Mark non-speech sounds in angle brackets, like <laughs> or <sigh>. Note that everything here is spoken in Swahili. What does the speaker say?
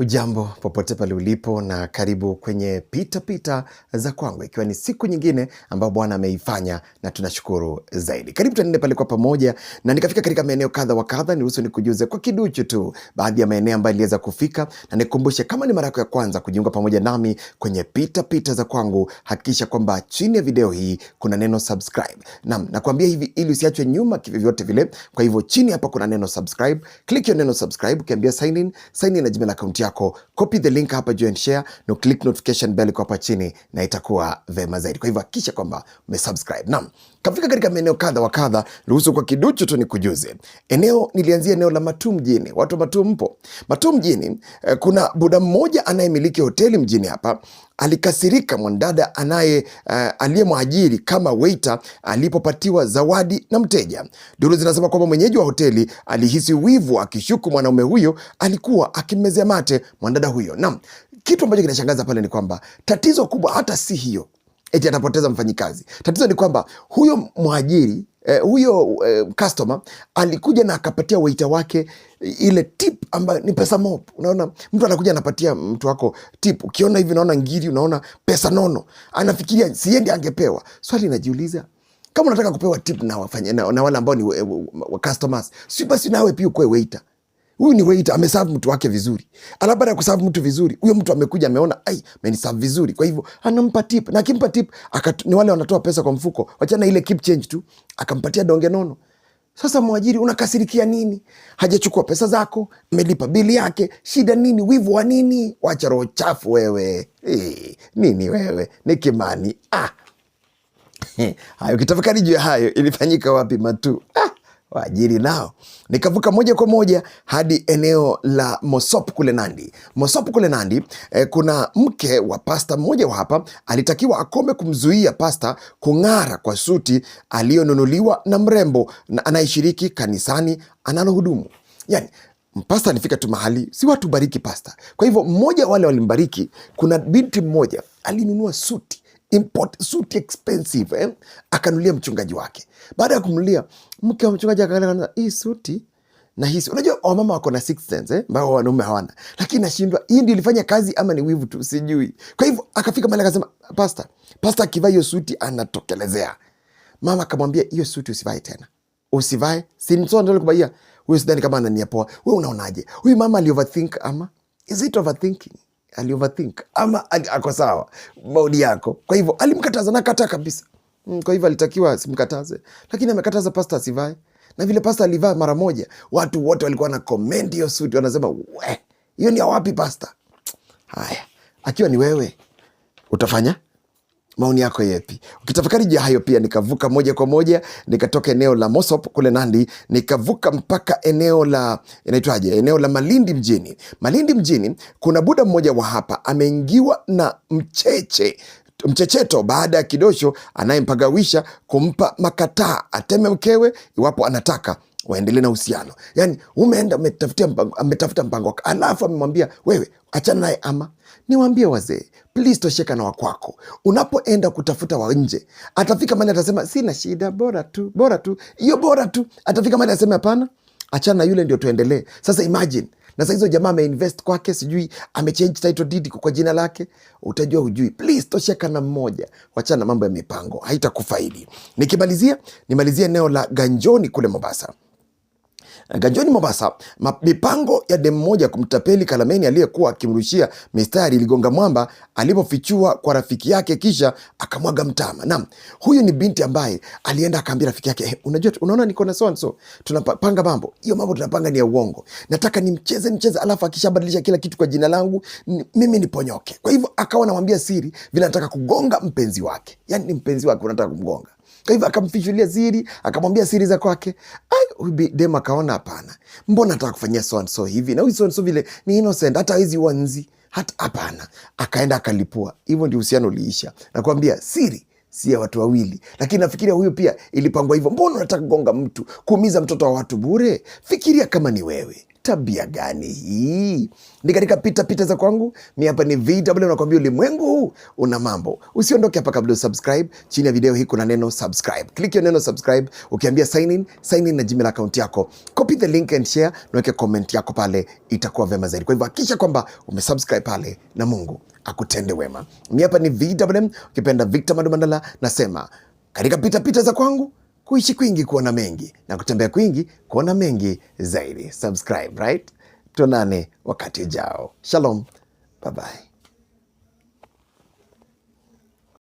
Ujambo popote pale ulipo na karibu kwenye pita pita za kwangu, ikiwa ni siku nyingine ambayo Bwana ameifanya na tunashukuru zaidi. Karibu tuende pale kwa pamoja, na nikafika katika maeneo kadha wa kadha. Niruhusu nikujuze kwa kiduchu tu baadhi ya maeneo ambayo niliweza kufika, na nikukumbushe kama ni mara yako ya kwanza kujiunga pamoja nami kwenye pita pita za kwangu, hakikisha kwamba chini ya video hii kuna neno subscribe. Naam, nakwambia hivi ili usiachwe nyuma kivyovyote vile. Kwa hivyo chini hapa kuna neno subscribe, click hiyo neno subscribe, ukiambia sign in, sign in na Gmail account yako yako, copy the link hapa juu and share, na click notification bell iko hapa chini, na itakuwa vema zaidi. Kwa hivyo hakikisha kwamba umesubscribe. Naam, kafika katika maeneo kadha wa kadha, ruhusu kwa kiduchu tu nikujuze. Eneo nilianzia eneo la Matuu mjini. Watu wa Matuu mpo? Matuu mjini eh, kuna buda mmoja anayemiliki hoteli mjini hapa Alikasirika mwanadada anaye uh, aliyemwajiri kama waiter alipopatiwa zawadi na mteja. Duru zinasema kwamba mwenyeji wa hoteli alihisi wivu akishuku mwanaume huyo alikuwa akimezea mate mwanadada huyo. Naam, kitu ambacho kinashangaza pale ni kwamba tatizo kubwa hata si hiyo eti atapoteza mfanyikazi. Tatizo ni kwamba huyo mwajiri eh, huyo eh, customer alikuja na akapatia waita wake ile tip ambayo ni pesa mop. Unaona, mtu anakuja anapatia mtu wako tip, ukiona hivi unaona ngiri, unaona pesa nono, anafikiria siendi angepewa. Swali najiuliza kama unataka kupewa tip na wafanya na, na wale ambao ni eh, wa customers, si basi nawe pia ukuwe waiter. Huyu ni waiter ameserve mtu wake vizuri. Alafu baada ya kuserve mtu vizuri, huyo mtu amekuja ameona, ai, ameniserve vizuri. Kwa hivyo anampa tip na akimpa tip ni wale wanatoa pesa kwa mfuko. Wachana ile keep change tu, akampatia donge nono. Sasa mwajiri unakasirikia nini? Hajachukua pesa zako, amelipa bili yake, shida nini? Wivu wa nini? Wacha roho chafu wewe. Hey, eh, nini wewe? Ni Kimani. Ah. <laughs> Hayo kitafakari juu ya hayo ilifanyika wapi matu? Ah waajiri nao. Nikavuka moja kwa moja hadi eneo la Mosop kule Nandi. Mosop kule Nandi eh, kuna mke wa pasta mmoja wa hapa alitakiwa akome kumzuia pasta kung'ara kwa suti aliyonunuliwa na mrembo na anayeshiriki kanisani analohudumu. Yani Pasta anifika tu mahali, si watu bariki pasta. Kwa hivyo mmoja wale walimbariki. Kuna binti mmoja alinunua suti import suti expensive eh? Akanulia mchungaji wake. Baada ya kumnulia, mke wa mchungaji akaangalia hii suti na hii unajua, wamama wako na sixth sense eh, ambao wanaume hawana, lakini nashindwa hii ndio ilifanya kazi ama ni wivu tu, sijui. Kwa hivyo akafika mahali akasema, pasta, pasta akivaa hiyo suti anatokelezea. Mama akamwambia, hiyo suti usivae tena, usivae. Si ndio ndio Huyu sidhani kama poa. Wewe unaonaje? Huyu mama aliovethink ama is it overthinking? Alioverthink ama ako sawa? Maoni yako. Kwa hivyo alimkataza na kataa kabisa. Mm, kwa hivyo alitakiwa simkataze, lakini amekataza pasta asivae, na vile pasta alivaa mara moja, watu wote walikuwa na comment hiyo suti, wanasema we, hiyo ni ya wapi pasta? Haya, akiwa ni wewe utafanya maoni yako yepi? Ukitafakari juu hayo pia, nikavuka moja kwa moja nikatoka eneo la Mosop kule Nandi, nikavuka mpaka eneo la inaitwaje, eneo la Malindi mjini. Malindi mjini kuna buda mmoja wa hapa ameingiwa na mcheche mchecheto baada ya kidosho anayempagawisha kumpa makataa ateme mkewe iwapo anataka waendelee na uhusiano. Yani umeenda umetafutia mpango, ametafuta mpango wako, alafu amemwambia wewe achana naye. Ama niwaambie wazee, please, tosheka na wakwako. Unapoenda kutafuta wa nje, atafika mali atasema sina shida, bora tu, bora tu, hiyo bora tu. Atafika mali aseme hapana, achana na yule ndio tuendelee. Sasa imagine na saa hizo jamaa ameinvest kwake, sijui amechange title deed kwa jina lake, utajua hujui. Please tosheka na mmoja, wachana mambo ya mipango, haitakufaidi. Nikimalizia nimalizie eneo la Ganjoni kule Mombasa. Gajoni Mombasa, mipango ya demu moja kumtapeli Kalameni aliyekuwa akimrushia mistari iligonga mwamba alipofichua kwa rafiki yake, kisha akamwaga mtama. Naam, huyu ni binti ambaye alienda akaambia rafiki yake eh, unajua, unaona niko na so and so, tunapanga mambo. Hiyo mambo tunapanga ni ya uongo, nataka nimcheze mcheze, alafu akishabadilisha kila kitu kwa jina langu mimi niponyoke. Kwa hivyo akawa anamwambia siri vile anataka kugonga mpenzi wake, yani ni mpenzi wake unataka kumgonga kwa hivyo akamfichulia siri, akamwambia siri za kwake. Dem akaona hapana, mbona nataka kufanyia so and so hivi, na huyu so and so vile ni innocent, hata hawezi wanzi hata hapana. Akaenda akalipua. Hivyo ndio uhusiano uliisha. Nakwambia siri si ya watu wawili, lakini nafikiria huyu pia ilipangwa hivyo. Mbona unataka kugonga mtu, kuumiza mtoto wa watu bure? Fikiria kama ni wewe Tabia gani hii? Ni katika pita pita za kwangu mi hapa ni VW, nakwambia ulimwengu huu una mambo. Usiondoke hapa kabla usubscribe. Chini ya video hii kuna neno subscribe, click hiyo neno subscribe. Ukiambia sign in, sign in na Gmail account yako, copy the link and share, naweke comment yako pale, itakuwa vema zaidi. Kwa hivyo hakikisha kwamba umesubscribe pale, na Mungu akutende wema. Mi hapa ni VW, ukipenda Victor Mandala, nasema katika pita pita za kwangu kuishi kwingi kuona mengi na kutembea kwingi kuona mengi zaidi. Subscribe, right? Tuonane wakati ujao. Shalom, bye bye.